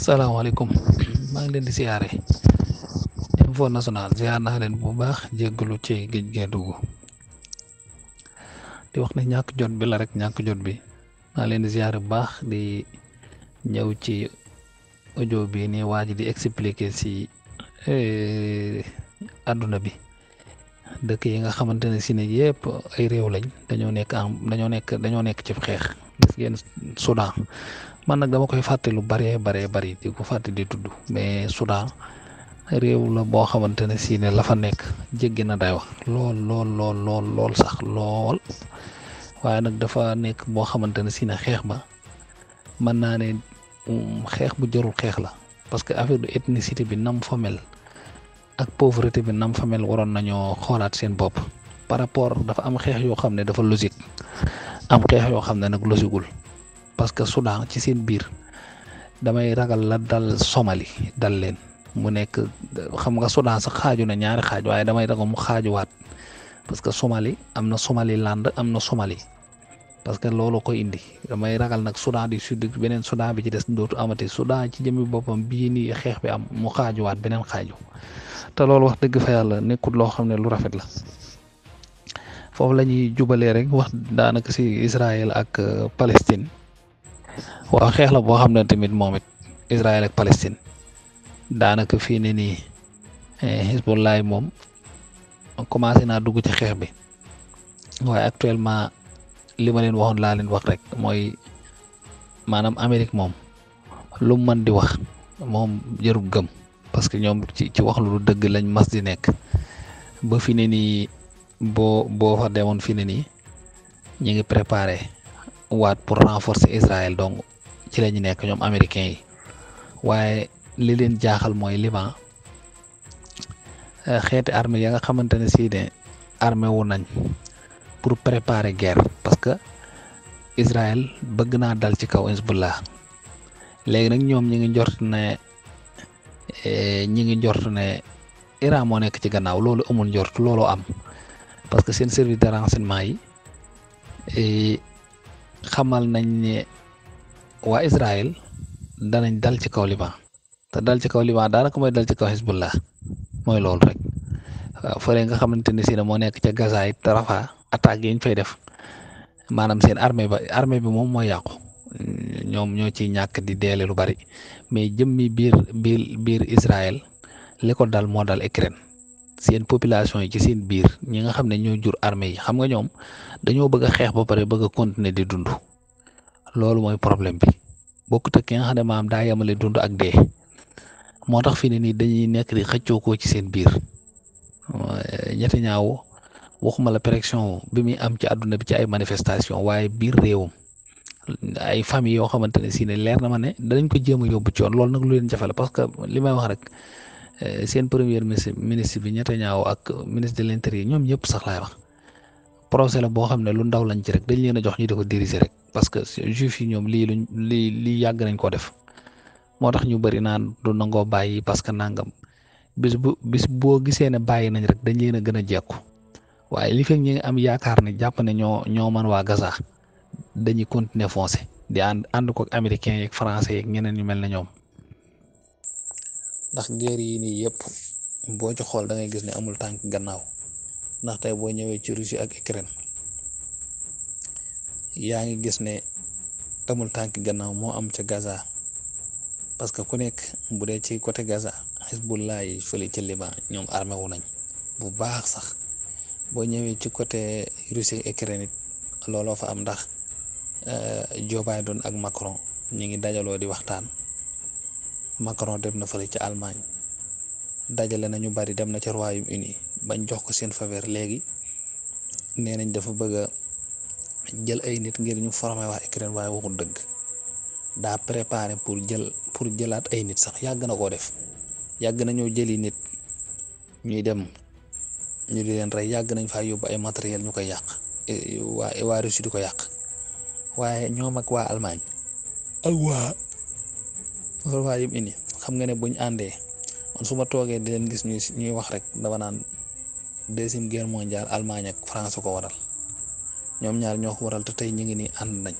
asalaamaaleykum maa ngi leen di siyaare info national siyaar naa leen bu baax jéggalu ci géej gee dugg di wax ne ñàkk jot bi la rek ñàkk jot bi maa leen di siyaare bu baax di ñëw ci audio bi ni waa ji di expliquer si àdduna eh, bi dëkk yi nga xamante ne si ne yëpp ay réew lañ dañoo nekk am dañoo nekk dañoo nekk ci xeex gis ngeen Soudan man nag dama koy fàtte lu bare bare bari di ko fàtte di tudd mais Soudan réew la boo xamante ne si ne la fa nekk jéggi na day wax lool lool lool lool lool sax lool waaye nag dafa nekk boo xamante ne si ne xeex ba mën naa ne mm, xeex bu jarul xeex la parce que affaire du ethnicité bi nam fa mel ak pauvreté bi nam fa mel waroon nañoo xoolaat seen bopp par rapport dafa am xeex yoo xam ne dafa logique am xeex yoo xam ne nag logiqueul parce que Soudan ci seen biir damay ragal la dal Somali dal leen mu nekk xam nga Soudan sax xaaju na ñaari xaaj waaye damay ragal mu xaajuwaat parce que Somali am na Somaliland am na Somali. parce que lolo ko indi damay ragal nak Soudan di Sud benen Soudan bi ci dess ndotu amati Soudan ci jëmi bopam bi ni xex bi am mu wat benen xaju ta lolo wax deug fa yalla nekut lo xamne ne lu rafet la fofu lañuy jubale rek wax daanaka ci Israël ak euh, Palestine wa xex la bo xamne tamit momit Israël ak Palestine daanaka fi ne ni eh, Hezbollah mom commencé na dugg ci xex bi wa actuellement. li ma leen waxoon laa leen wax rek mooy maanaam Amérique moom lu mu mën di wax moom jarul gëm parce que ñoom ci ci wax lu dëgg lañ mas di nekk ba fi ne nii boo boo fa demoon fi ne nii ñu ngi préparé waat pour renforcer Israël donc ci la ñu nekk ñoom américains yi waaye li leen jaaxal mooy Liban xeeti armée ya nga xamante ne sii de armée nañ pour préparer guerre parce que Israël bëgg naa dal ci kaw Hezbollah léegi nag ñoom ñi ngi jort ne eh, ñi ngi jort ne Iran moo nekk ci gannaaw loolu amul njort looloo am parce que seen servi de renseignement yi eh, xamal nañ ne waa Israël danañ dal ci kaw Liban te dal ci kaw Liban daanaka mooy dal ci kaw Hezbollah mooy loolu rek waaw fële nga xamante ni si ne moo nekk ca Gaza it Rafa attaques yi fay def maanaam seen armée ba armée bi moom mooy yàqu ñoom ñoo ci ñàkk di deele lu bari mais jëmmi biir biir biir Israël li ko dal moo dal Ukraine seen population yi ci seen biir ñi nga xam ne ñoo jur armée yi xam nga ñoom dañoo bëgg xeex ba pare bëgg a continuer di dund loolu mooy problème bi bokkut ak ki nga xam ne maam daa yemale dund ak dee tax fi ne nii dañuy nekk di xëccoo ko ci seen biir ñaaw waxuma la pression bi muy am ci àdduna bi ci ay manifestation waaye biir réewam ay famille yoo xamante ne si ne leer na ma ne danañ ko jéem a yóbbu ci yoon loolu nag lu leen jafe parce que li may wax rek eh, seen première ministre ministre bi Netanyahu ak ministre de l'intérieur ñoom ñëpp sax laay wax procès la boo xam ne lu ndaw lañ ci rek dañ leen a jox ñu di ko diriger rek parce que juif yi ñoom lii luñ lii lii yàgg nañ koo def moo tax ñu bëri naa du nangoo bàyyi parce que nangam bis bu bis boo gisee ne bàyyi nañ rek dañ leen a gën a jekku waaye li fekk ñi ngi am yaakaar ne jàpp ne ñoo ñoo waa Gaza dañuy continuer foncé di ànd ànd ko ak américains yeeg français yeeg ñeneen mel ne ñoom ndax guerre yi nii yëpp boo ci xool da ngay gis ne amul tànk gannaaw ndax tey boo ñëwee ci Russie ak Ukraine yaa ngi gis ne amul tànk gannaaw moo am ca Gaza parce que ku nekk bu dee ci côté Gaza Hezbollah yi ci Liban ñoom armé wu nañ bu baax sax. bo ñëwee ci côté Russie Ukraine looloo fa am ndax eh, Joe Biden ak Macron ñi ngi dajaloo di waxtaan Macron dem na fële ci Allemagne dajale nañu bari dem na ci Royaume-Uni bañ jox ko seen faveur léegi nee nañ dafa bëgg a jël ay nit ngir ñu former waa Ukraine waaye waxul dëgg daa préparé pour jël pour jëlaat ay nit sax yàgg na koo def yàgg jëli nit ñuy dem ñu e e, e di leen rey yàgg nañ faa yóbbu ay matériel ñu koy yàq waa waa Russie di ko yàq waaye ñoom ak waa Allemagne ak waa loolu waa yëpp indi xam nga ne buñ àndee man su ma toogee di leen gis ñuy ñuy wax rek dama naan deuxième guerre mondiale Allemagne ak France ko waral ñoom ñaar ñoo ko waral te tey ñu ngi nii ànd nañ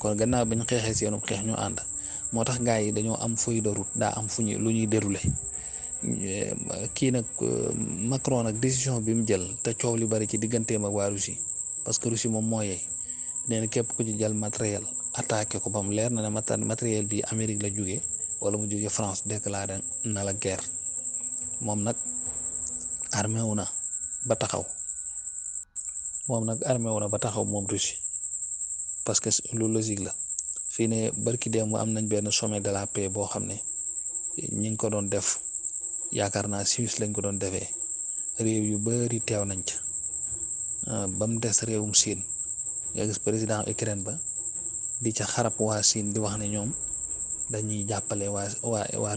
kon gannaaw bi ñu xeexee seenu xeex ñu ànd moo tax gars yi dañoo am feuille de route daa am fu ñuy lu ñuy déroulé kii nag euh, Macron nag décision bi mu jël te coow li bari ci digganteem ak waa Russie parce que Russie moom moo yey nee na képp ku ci jël matériel attaqué ko ba mu leer na ne matériel bi Amérique la jóge wala mu jóge France déclaré na la guerre moom nag armé na ba taxaw moom nag armé wu na ba taxaw moom Russie parce que lu logique la fii ne barki démb am nañ benn sommet de la paix boo xam ne ñi ngi ko doon def. yaakaar naa Suisse lañ ko doon defee réew yu bari teew nañ ca ah, ba mu des réewum Siin nga gis président Ukraine ba di ca xarab waa Siin di wax ne ñoom dañuy jàppale waa waa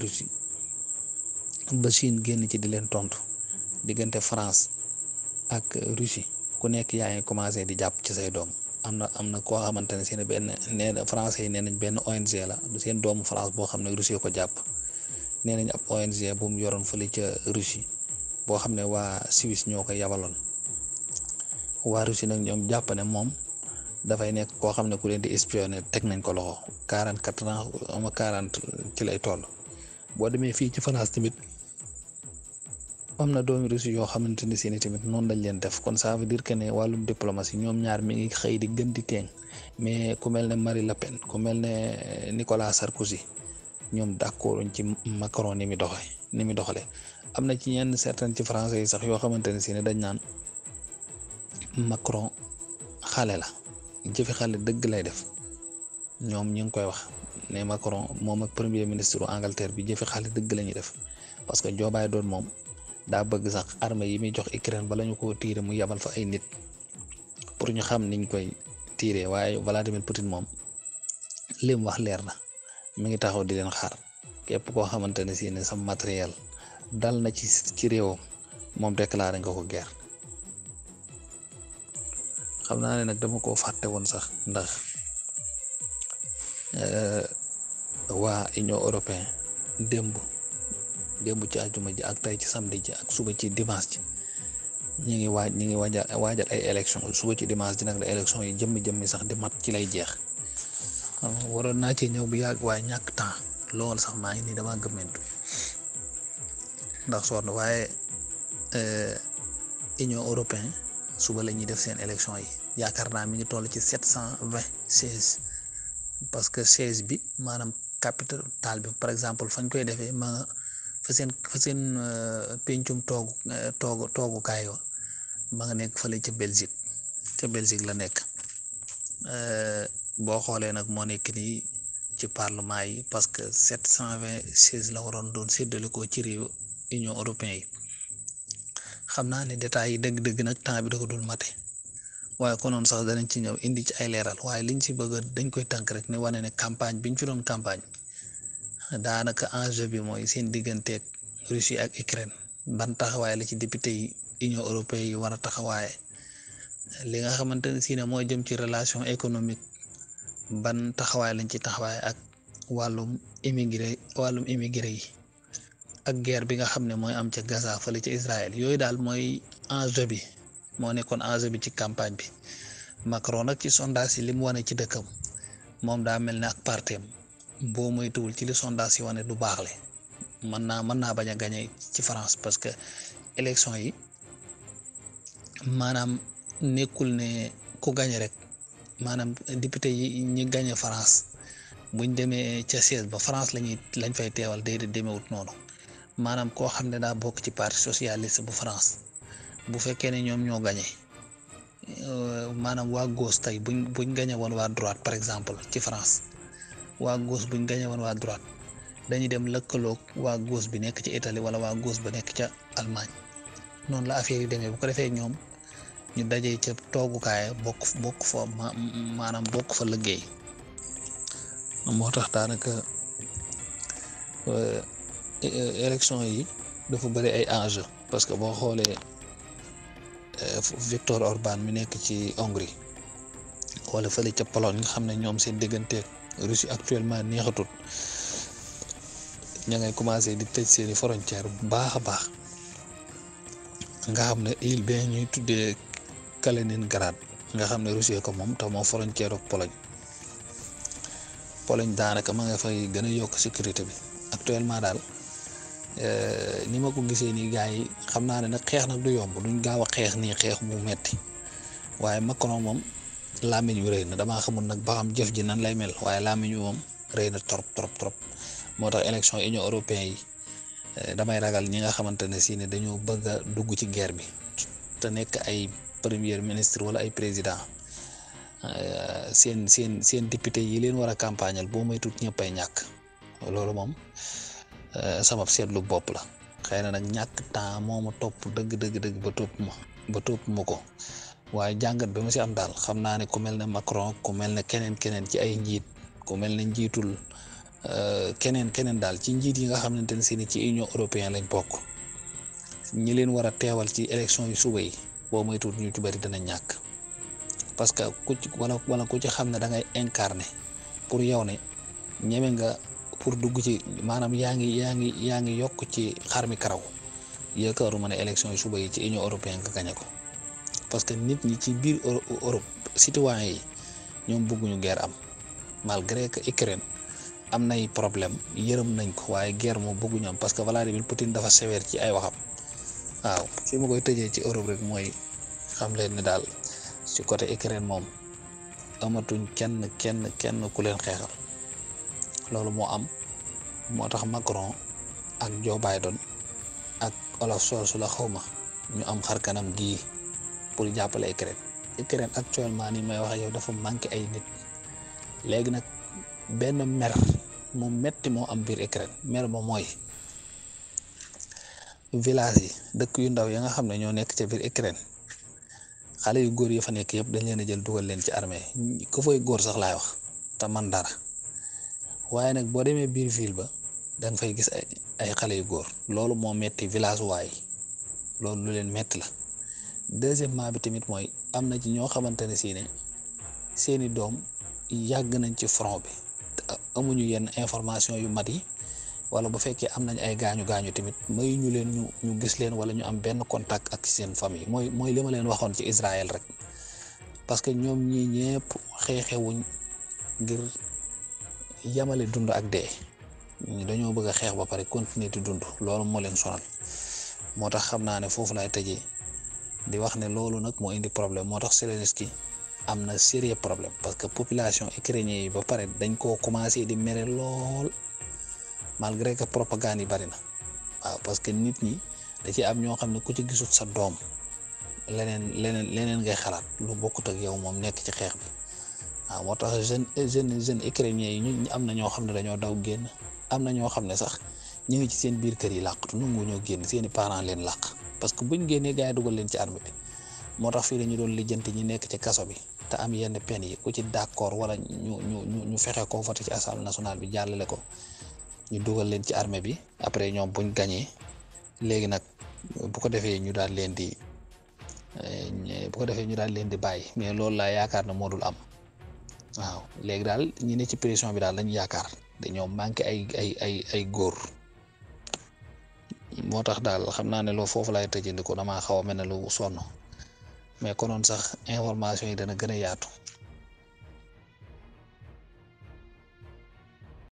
ba Siin génn ci di leen tontu diggante France ak Russie ku nekk yaa ngi commencé di jàpp ci say doom am na am na koo xamante ne seen benn nee na français yi nee benn ONG la du seen doomu France boo xam ne Russie ko jàpp. nee ab ONG bu mu yoroon fële ca Russie boo xam ne waa Suisse ñoo ko yabaloon waa Russie nag ñoom jàpp ne moom dafay nekk koo xam ne ku leen di espionné teg nañ ko loxo quarante quatre ans ama quarante ci lay tool boo demee fii ci France tamit am na doomi Russie yoo xamante ni seeni tamit noonu dañ leen def kon ça veut dire que ne wàllum diplomatie ñoom ñaar mi ngi xëy di gën di teeñ mais ku mel ne Marie Le Pen ku mel ne Nicolas Sarkozy ñoom d'accorduñ ci Macron ni muy doxee ni muy doxalee am na ci ñenn certain ci français yi sax yoo xamante ne si ne dañ naan Macron xale la jëfi xale dëgg lay def ñoom ñu ngi koy wax ne Macron moom ak premier ministre bu bi jëfi xale dëgg la ñuy def parce que Joe Biden moom daa bëgg sax armée yi muy jox Ukraine bala ñu koo tiire mu yabal fa ay nit pour ñu xam niñ koy tiiree waaye Vladimir Poutine moom lim wax leer na mi ngi taxaw di leen xaar képp koo xamante ne si ne sa matériel dal na ci eh, ci réewam moom déclaré nga ko guerre xam naa ne nag dama koo fàtte woon sax ndax waa Union européen démb démb ci àjjuma ji ak tey ci samedi ji ak suba ci dimanche ji ñi ngi waaj ñi ngi waajal waajal eh, ay élection suba ci dimanche ji nag la élection yi jëmmi jëmmi sax di mat ci lay jeex xam waroon naa ci ñëw bu yàgg waaye ñàkk temps lool sax maa ngi nii dama gëmmentu ndax sonn waaye euh, union européen suba la ñuy def seen élection yi yaakaar naa mi ngi toll ci sept cent vingt seize parce que seize bi maanaam capital bi par exemple fañ koy defee ma fa seen fa seen euh, pencum toogu euh, toogu toogukaay wa ma nga nekk fële ca Belgique ca Belgique la nekk boo xoolee nag moo nekk nii ci parlement yi parce que sept cent vingt seize la waroon doon séddale ko ci réew union européen yi xam naa ne détails yi dëgg-dëgg nag temps bi da ko dul mate waaye konoon sax danañ ci ñëw indi ci ay leeral waaye liñ ci bëgg dañ koy tënk rek ne wane ne campagne biñ fi doon campagne daanaka enge bi mooy seen digganteeg Russie ak Ukraine ban taxawaay la ci député yi union européen yi war a taxawaaye li nga xamante ne si ne mooy jëm ci relation économique ban taxawaay lañ ci taxawaay ak wàllum immigré wàllum immigré yi ak guerre bi nga xam ne mooy am ca Gaza fële ca Israël yooyu daal mooy enjeu bi moo nekkoon enjeu bi ci campagne bi Macron nag ci sondage yi li mu wane ci dëkkam moom daa mel ne ak parteem boo moytuwul ci li sondage yi wane du baaxle mën naa mën naa bañ a gañe ci France parce que élection yi maanaam nekkul ne ku gañe rek maanaam député yi ñi gagné France buñ demee ca siège ba France lañuy lañ fay teewal déedéet demewut noonu maanaam koo xam ne daa bokk ci parti socialiste bu France bu fekkee ne ñoom ñoo gagné euh, maanaam waa goos tey buñ buñ gagné woon waa droite par exemple ci France waa gauche buñ gagné woon waa droite dañuy dem lëkkalook waa goos bi nekk ci Italie wala waa gauche ba nekk ca Allemagne noonu la affaire yi demee bu ko defee ñoom. ñu daje ca toogukaay bokk bokk fa maanaam bokk fa liggéey moo tax daanaka euh, élection yi dafa bëri ay enjeu parce que boo xoolee euh, Victor Orban mi nekk ci Hongrie wala fële ca Pologne nga xam ne ñoom seen diggante Russie actuellement neexatul ña ngay commencé di tëj seeni frontière bu baax a baax nga xam ne il bien ñuy tuddee Kaliningrad nga xam ne Russie ko moom taw moo frontière ak Pologne Pologne daanaka ma nga fay gën a yokk sécurité bi actuellement daal eh, ni ma ko gisee nii gars yi xam naa ne nag xeex nag du yomb duñ gaaw a xeex nii xeex mu metti waaye Macron moom làmmiñ wi rëy na damaa xamul nag ba jëf ji nan lay mel waaye làmmiñ wi moom rëy na trop trop trop moo tax élection union européenne yi eh, damay ragal ñi nga xamante ne si ne dañoo bëgg a dugg ci guerre bi te nekk ay premier ministre wala ay président euh, sen, sen, sen député yi leen wara a bo may tout ñëpp ay ñàkk loolu moom euh, sama setlu bop la xeyna na ñak temps moo top deug deug deug ba top ma ba top mako ko jangat bi si am dal xamna ne ku melne Macron ku melne Kenen Kenen ci ay njit ku melne njitul euh, kenen kenen dal ci njit yi nga xamne tane seen ci union européenne lañ bok ñi leen wara téwal ci élection yu suba yi moy moytuwul ñu ci bari dana ñak parce que ku wala wala ku ci xamne da ngay incarner pour yow ne ñeme nga pour dugg ci manam yaangi yaangi yaangi yok ci xar mi karaw élection suba yi ci union européenne ka gagné ko parce que nit ñi ci biir Europe citoyens yi bëggu ñu guerre am malgré que Ukraine am nay problème yërëm nañ ko waye guerre bëggu ñu am parce que Vladimir Poutine dafa sévère ci ay waxam waaw ci mo koy tëjee ci Europe rek moy xam leen ni daal ci côté Ukraine moom amatuñ kenn kenn kenn ku leen xeexal loolu moo am moo tax Macron ak Joe Biden ak Olaf Scholz la xawma ñu am xar kanam gii pour jàppale Ukraine Ukraine actuellement nii may wax yow dafa manqué ay nit léegi nag benn mer mu metti moo am biir Ukraine mer ba mooy village yi dëkk yu ndaw ya nga xam ne ñoo nekk ca biir Ukraine xale yu góor yi fa nekk yëpp dañ leen a jël dugal leen ci armee ko fay góor sax laay wax te man dara waaye nag boo demee biir ville ba danga fay gis ay xale yu góor loolu moo metti village waay loolu lu leen metti la deuxièmement bi tamit mooy am na ci ñoo xamante ne si ne seeni doom yàgg nañ ci front bi amuñu yenn information yu mat yi wala bu fekkee am nañ ay gaañu gaañu tamit may ñu leen ñu ñu gis leen wala ñu am benn contact ak seen famille mooy mooy li ma leen waxoon ci Israël rek parce que ñoom ñii ñëpp xeexewuñ ngir yamale dund ak dee dañoo bëgg a xeex ba pare continuer di dund loolu moo leen sonal moo tax xam naa ne foofu laay tëjee di wax ne loolu nag moo indi problème moo tax Zelensky am na sérieux problème parce que population ukrainienne yi ba pare dañ koo commencé di mere lool. malgré que propagande yi bari na waaw parce que nit ñi da ci am ñoo xam ne ku ci gisut sa doom leneen leneen leneen ngay xalaat lu bokkut ak yow moom nekk ci xeex bi waaw moo tax jeune jeune jeune ukrainien yi ñu am na ñoo xam ne dañoo daw génn am na ñoo xam ne sax ñu ngi ci seen biir kër yi tu nangu ñoo génn seeni parent leen làq parce que buñ génnee gaa yi dugal leen ci armée moo tax fii dañu doon lijjanti ñi nekk ci kaso bi te am yenn peine yi ku ci d'accord wala ñu ñu ñu fexe ko voté ci assemblée national bi jàllale ko ñu dugal leen ci armée bi après ñoom buñ gañee léegi nag bu ko defee ñu daal leen di eh, bu ko defee ñu daal leen di bàyyi mais loolu laa yaakaar na moo dul am waaw léegi daal ñi ne ci pression bi daal lañu yaakaar dañoo manqué ay ay ay ay góor moo tax daal xam naa ne loolu foofu laay tëjandi ko damaa xaw a mel ne lu sonn mais konoon sax information yi dana gën a yaatu